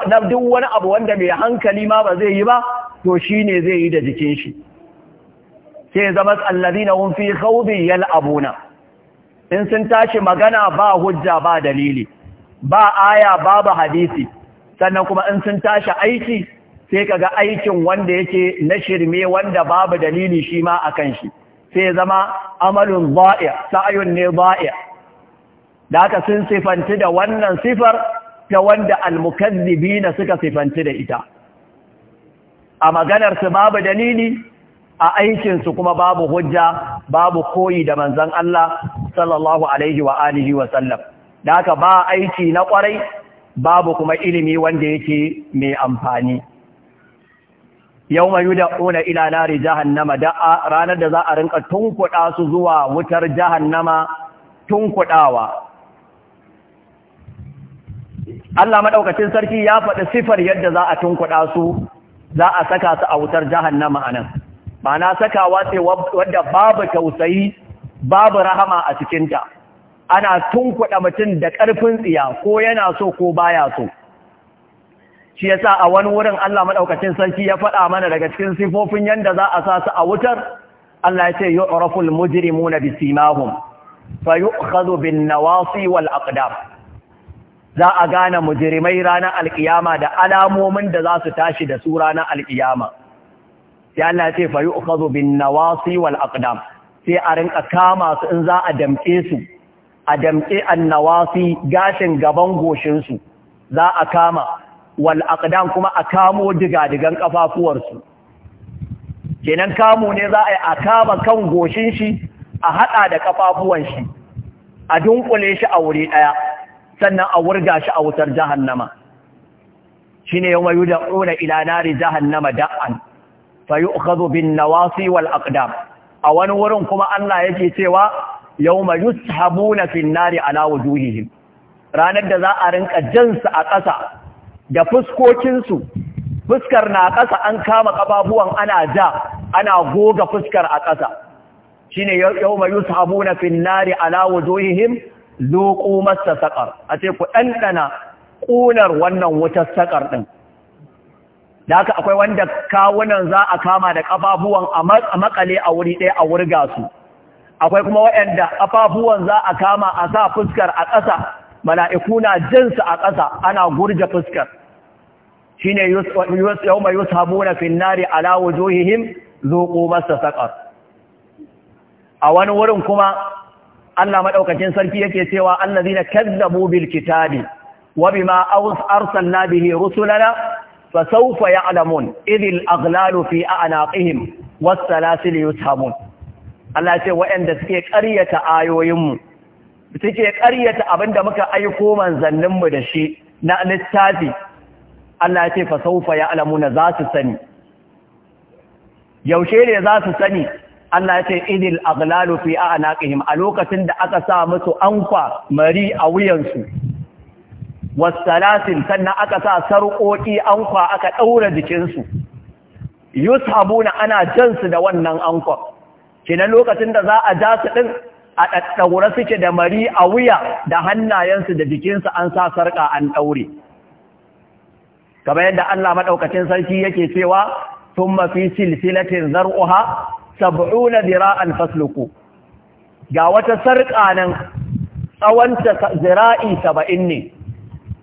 A: na duk wani abu wanda mai hankali ma ba zai yi ba to shi ne zai yi da jikin shi sai zama tsallari na wunfi haubi abuna. in sun tashi magana ba hujja ba dalili ba aya babu hadisi sannan kuma in sun tashi aiki sai ka ga aikin wanda yake na shirme wanda babu dalili shi ma akan shi sai zama amalin ba'ya, sa'ayun ne ba'ya. da aka sun sifanti da wannan sifar ta wanda almukazzibina suka sifanti da ita a maganarsu su babu dalili a aikinsu kuma babu hujja babu koyi da manzan Allah sallallahu alaihi wa alihi wa sallam da aka ba aiki na kwarai babu kuma ilimi wanda yake mai amfani yawma yud'una ila nari jahannama da'a ranar da za a rinka tunkuda su zuwa wutar jahannama tunkudawa Allah maɗaukacin sarki ya faɗi sifar yadda za a tunkuɗa su za a saka su a wutar jihar a nan ba na sakawa ce wadda babu tausayi babu rahama a cikinta ana tunkuɗa mutum da ƙarfin tsiya ko yana so ko baya so shi yasa a wani wurin Allah maɗaukacin sarki ya faɗa mana daga cikin sifofin yadda za a sa su a wutar Allah ya ce yi mujirimu na bisimahum fa yu'khadhu bin nawasi wal aqdam za a gane mujirimai ranar alkiyama da alamomin da za su tashi da su ranar alkiyama sai Allah ce fa yu'khadhu bin nawasi wal aqdam sai a rinka kama su in za a damƙe su a damƙe annawasi gashin gaban goshinsu su za a kama wal aqdam kuma a kamo digadigan kafafuwar su kenan kamo ne za a yi a kama kan goshin shi a haɗa da ƙafafuwan shi a dunkule shi a wuri ɗaya. sannan a wurga shi a wutar jahannama shine mayu da ila ilanari jahannama da'an fayu'khadhu bin nawasi wal aqdam a wani wurin kuma Allah yake cewa yawma yushabuna fin nari ala wujuhihim ranar da za a rinka jansu a ƙasa da fuskokinsu fuskar na ƙasa an kama ƙafafuwan ana ja ana goga fuskar a ƙasa shine yawma yushabuna fin nari ala wujuhihim zuƙu masa saƙar a ce ku ɗanɗana ƙunar wannan wutar saƙar ɗin da haka akwai wanda kawunan za a kama da ƙafafuwan a makale a wuri ɗaya a wurga su akwai kuma waɗanda ƙafafuwan za a kama a sa fuskar a ƙasa mala'iku na jinsu a ƙasa ana gurje fuskar shi ne yau mai yusu habu na finnari ala wujuhihim zuƙu masa saƙar a wani wurin kuma Allah maɗaukacin sarki yake cewa allazina kazzabu bil kitabi wa bima arsalna bihi rusulana fasawfa ya'lamun idhil aghlalu fi a'naqihim was salasil yushamun Allah ce waɗanda suke ƙaryata ayoyinmu suke ƙaryata abinda muka aiko manzanninmu da shi na littafi Allah ce fasawfa alamuna za su sani yaushe ne za su sani Allah ya ce idil aghlalu fi a'naqihim a lokacin da aka sa musu anfa mari a wuyansu wasalasin sannan aka sa sarƙoƙi anfa aka daura jikinsu Habuna ana su da wannan anfa kina lokacin da za a ja su din a daddaura suke da mari a wuya da hannayensu da jikinsu an sa sarƙa an daure kamar yadda Allah madaukakin sarki yake cewa thumma fi silsilatin zar'uha sab'una dira'an fasluku ga wata sarƙa nan tsawonta zira'i saba'in ne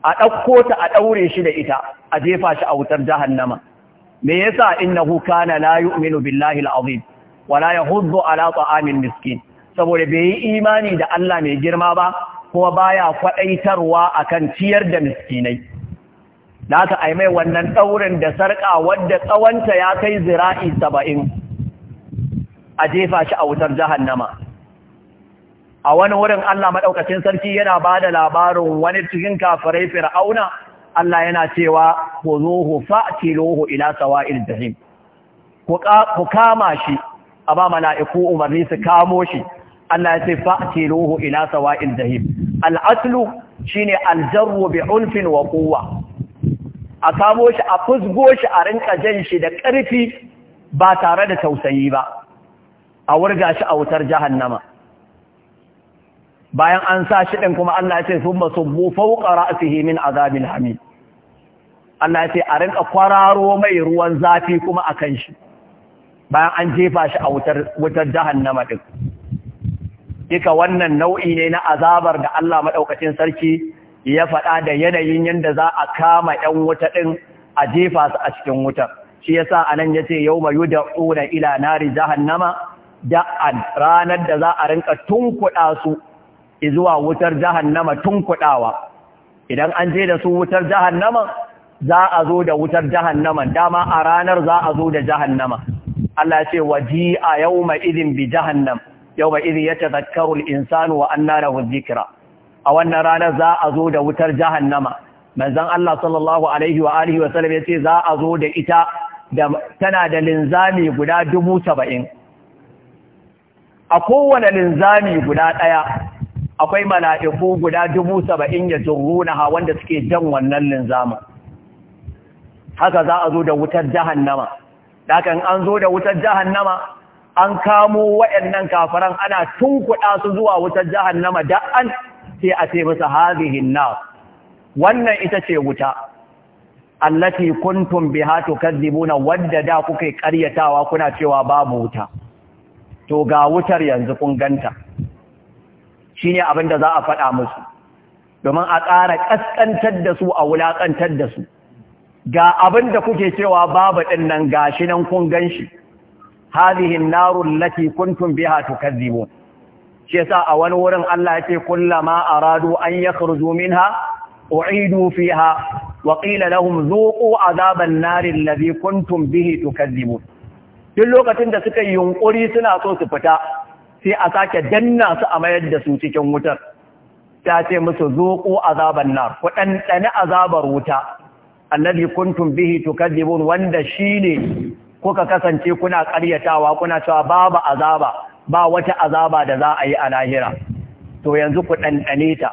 A: a ɗauko ta a ɗaure shi da ita a jefa shi a wutar jahannama me yasa innahu kana la yu'minu billahi al-azim wa la yahuddu ala ta'amin miskin saboda bai yi imani da Allah mai girma ba kuma baya kwadaitarwa akan ciyar da miskinai da aka aimai wannan ɗaurin da sarƙa wadda tsawonta ya kai zira'i saba'in a jefa shi a wutar jahannama a wani wurin Allah maɗaukacin sarki yana ba da labarin wani cikin kafirai fir'auna Allah yana cewa khuzuhu fa'tiluhu ila sawa'il jahim ku kama shi a ba mala'iku umarni su kamo shi Allah ya ce fa'tiluhu ila sawa'il jahim al'aslu shine aljarru bi ulfin wa quwwa a kamo shi a fusgo shi a rinka jan shi da ƙarfi ba tare da tausayi ba a wurga shi a wutar jahannama bayan an sa shi ɗin kuma Allah ya ce sun masu bufau ƙara'asihi min azabil hami Allah ya ce a rinka kwararo mai ruwan zafi kuma a kan shi bayan an jefa shi a wutar jahannama ɗin duka wannan nau'i ne na azabar da Allah maɗaukacin sarki ya faɗa da yanayin yadda za a kama ‘yan wuta ɗin a jefa su a cikin wutar shi yasa a nan ya ce yau da ƙuna ila nari jahannama da'an ranar da za a rinka tunkuɗa su zuwa wutar jahannama tunkuɗawa idan an je da su wutar jahannama za a zo da wutar jahannama dama a ranar za a zo da jahannama Allah ce waji a yau yawma idin bi jahannam yawma idin ya tazakkaru al-insanu wa anna lahu dhikra a wannan ranar za a zo da wutar jahannama manzon Allah sallallahu alaihi wa alihi wa sallam ce za a zo da ita tana da linzami guda dubu saba'in a kowane linzami guda ɗaya akwai mala'iku guda dubu saba'in ya hawan wanda suke jan wannan linzamin haka za a zo da wutar jahannama dakan an zo da wutar nama, an kamo waɗannan kafaran ana tun kuɗa su zuwa wutar nama, da an sai a ce masa hazihin na wannan ita ce wuta kuntun kuntum kan tukazzibuna wadda da kuka karyatawa kuna cewa babu wuta to ga wutar yanzu kun ganta shine abin da za a faɗa musu domin a ƙara ƙasƙantar da su a wulaƙantar da su ga abin da kuke cewa babu ɗin nan gashi nan kun gan shi hazihin narun lati kuntum biha tukazzibun shi yasa a wani wurin Allah ya ce kullama aradu an yakhruju minha u'idu fiha wa qila lahum zuqu azaban nari allazi kuntum bihi tukazzibun duk lokacin da suka yi yunkuri suna so su fita sai a sake danna su a mayar da su cikin wutar ta ce musu zoko azaban nar ku ɗanɗani azabar wuta alladhi kuntum bihi tukadzibun wanda shi ne kuka kasance kuna ƙaryatawa kuna cewa babu azaba ba wata azaba da za a yi a lahira to yanzu ku ɗanɗane ta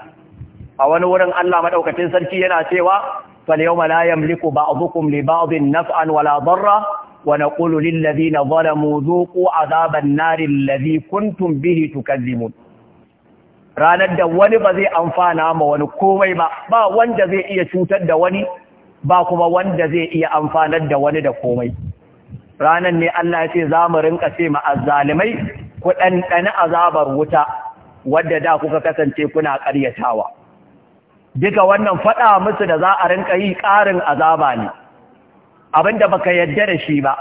A: a wani wurin Allah madaukakin sarki yana cewa fal yawma la yamliku ba'dukum li ba'din naf'an wala darra ونقول للذين ظلموا ذوقوا عذاب النار الذي كنتم به تكذبون ranar da wani ba zai amfana ma wani komai ba ba wanda zai iya cutar da wani ba kuma wanda zai iya amfanar da wani da komai ranar ne Allah ya ce za mu rinka ce ma azzalimai ku ɗanɗani azabar wuta wadda da kuka kasance kuna ƙaryatawa duka wannan faɗa musu da za a rinka yi ƙarin azaba ne abinda baka yadda da shi ba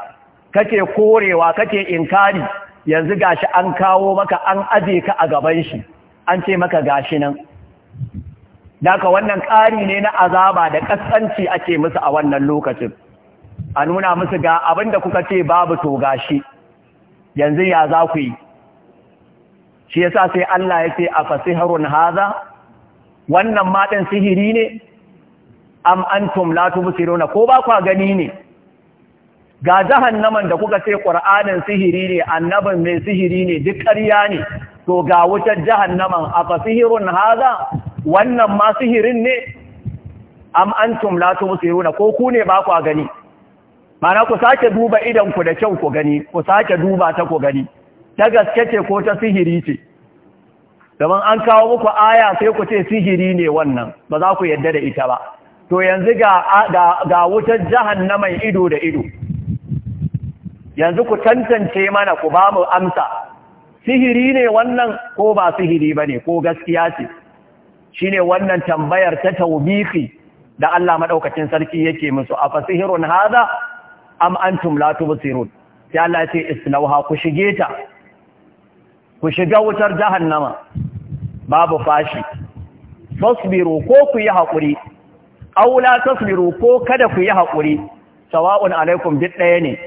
A: kake korewa kake inkari yanzu gashi an kawo maka an aje ka a gaban shi an ce maka gashi nan daka wannan ƙari ne na azaba da ƙasƙanci ake musu a wannan lokacin a nuna musu ga abinda kuka ce babu to gashi yanzu ya za ku yi shi yasa sai Allah ya ce a fasiharun haza wannan matan sihiri ne am antum la tubsiruna ko ba kwa gani ne ga jahannaman da kuka ce ƙur'anin sihiri ne annabin mai sihiri ne duk ƙarya ne to ga wutar jahannaman afa sihirun haza wannan ma sihirin ne am antum musu yi ko ku ne ba ku gani mana ku sake duba idan da kyau ku gani ku sake duba ta ku gani ta gaske ce ko ta sihiri ce domin an kawo muku aya sai ku ce sihiri ne wannan ba za ku yadda da ita ba to yanzu ga ga wutar jahannaman ido da ido yanzu ku tantance mana ku ba mu amsa sihiri ne wannan ko ba sihiri ba ne ko gaskiya ce shi ne wannan tambayar ta taubiki da Allah maɗaukacin sarki yake musu a fasihirun haza am antum la tubsirun sai Allah ya ce islauha ku shige ta ku shiga wutar jahannama babu fashi tasbiru ko ku yi haƙuri aula tasbiru ko kada ku yi haƙuri sawa'un alaikum duk ɗaya ne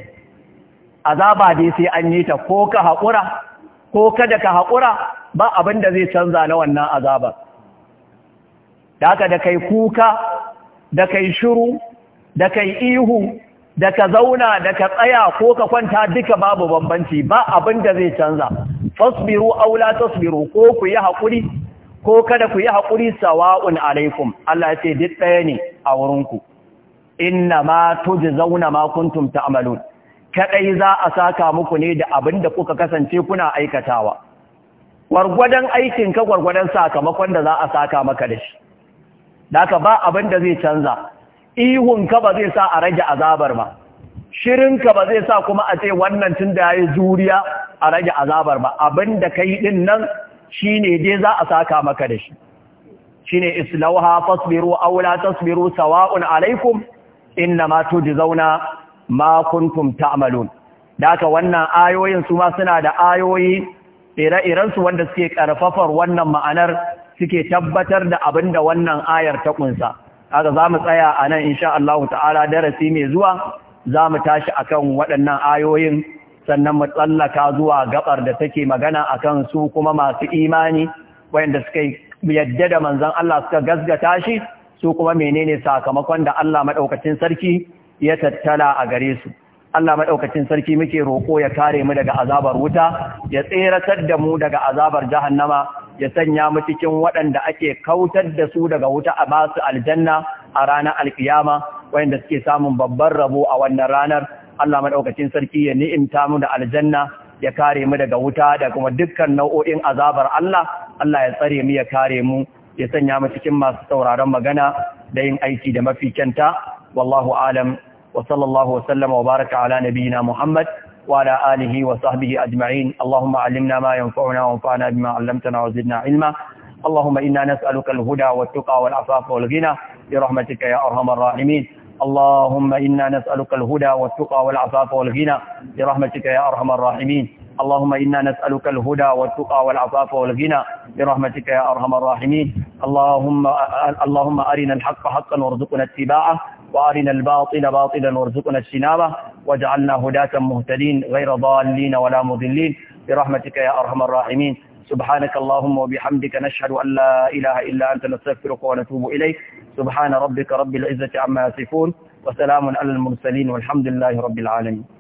A: azaba dai sai an yi ta ko ka haƙura ko kada ka haƙura ba abin da zai canza na wannan azabar da aka da kai kuka da kai shiru da kai ihu da ka zauna da ka tsaya ko ka kwanta duka babu bambanci ba abin da zai canza tasbiru aula tasbiru ko ku yi haƙuri ko kada ku yi haƙuri sawa'un alaikum Allah ya ce duk ɗaya ne a wurinku inna ma zauna ma kuntum ta'malun kadai za a saka muku ne da abin da kuka kasance kuna aikatawa gwargwadon aikin ka gwargwadon sakamakon da za a saka maka da shi daka ba abin da zai canza ihun ka ba zai sa a rage azabar ba shirin ka ba zai sa kuma a ce wannan tun da yayi juriya a rage azabar ba abin da kai din nan shine dai za a saka maka da shi shine islauha fasbiru aw la tasbiru sawa'un alaikum innama zauna. ma kuntum ta'malun da haka wannan ayoyin su ma suna da ayoyi ire-iren su wanda suke karfafar wannan ma'anar suke tabbatar da abin da wannan ayar ta kunsa kaga za mu tsaya a nan insha Allah ta'ala darasi mai zuwa za mu tashi akan waɗannan ayoyin sannan mu tsallaka zuwa gabar da take magana akan su kuma masu imani wayanda suka yadda da manzon Allah suka gasgata shi su kuma menene sakamakon da Allah madaukakin sarki ya tattala a gare su Allah maɗaukacin sarki muke roƙo ya kare mu daga azabar wuta ya tseratar da mu daga azabar jahannama ya sanya mu cikin waɗanda ake kautar da su daga wuta a basu aljanna a ranar alkiyama wayanda suke samun babban rabo a wannan ranar Allah maɗaukacin sarki ya ni'imta mu da aljanna ya kare mu daga wuta da kuma dukkan nau'o'in azabar Allah Allah ya tsare mu ya kare mu ya sanya mu cikin masu sauraron magana da yin aiki da mafi kyanta wallahu alam وصلى الله وسلم وبارك على نبينا محمد وعلى آله وصحبه أجمعين اللهم علمنا ما ينفعنا وانفعنا بما علمتنا وزدنا علما اللهم إنا نسألك الهدى والتقى والعفاف والغنى برحمتك يا أرحم الراحمين اللهم إنا نسألك الهدى والتقى والعفاف والغنى برحمتك يا أرحم الراحمين اللهم إنا نسألك الهدى والتقى والعفاف والغنى برحمتك يا أرحم الراحمين اللهم, اللهم أرنا الحق حقا وارزقنا اتباعه وأرنا الباطل باطلا وارزقنا اجتنابه واجعلنا هداة مهتدين غير ضالين ولا مضلين برحمتك يا أرحم الراحمين سبحانك اللهم وبحمدك نشهد أن لا إله إلا أنت نستغفرك ونتوب إليك سبحان ربك رب العزة عما يصفون وسلام على المرسلين والحمد لله رب العالمين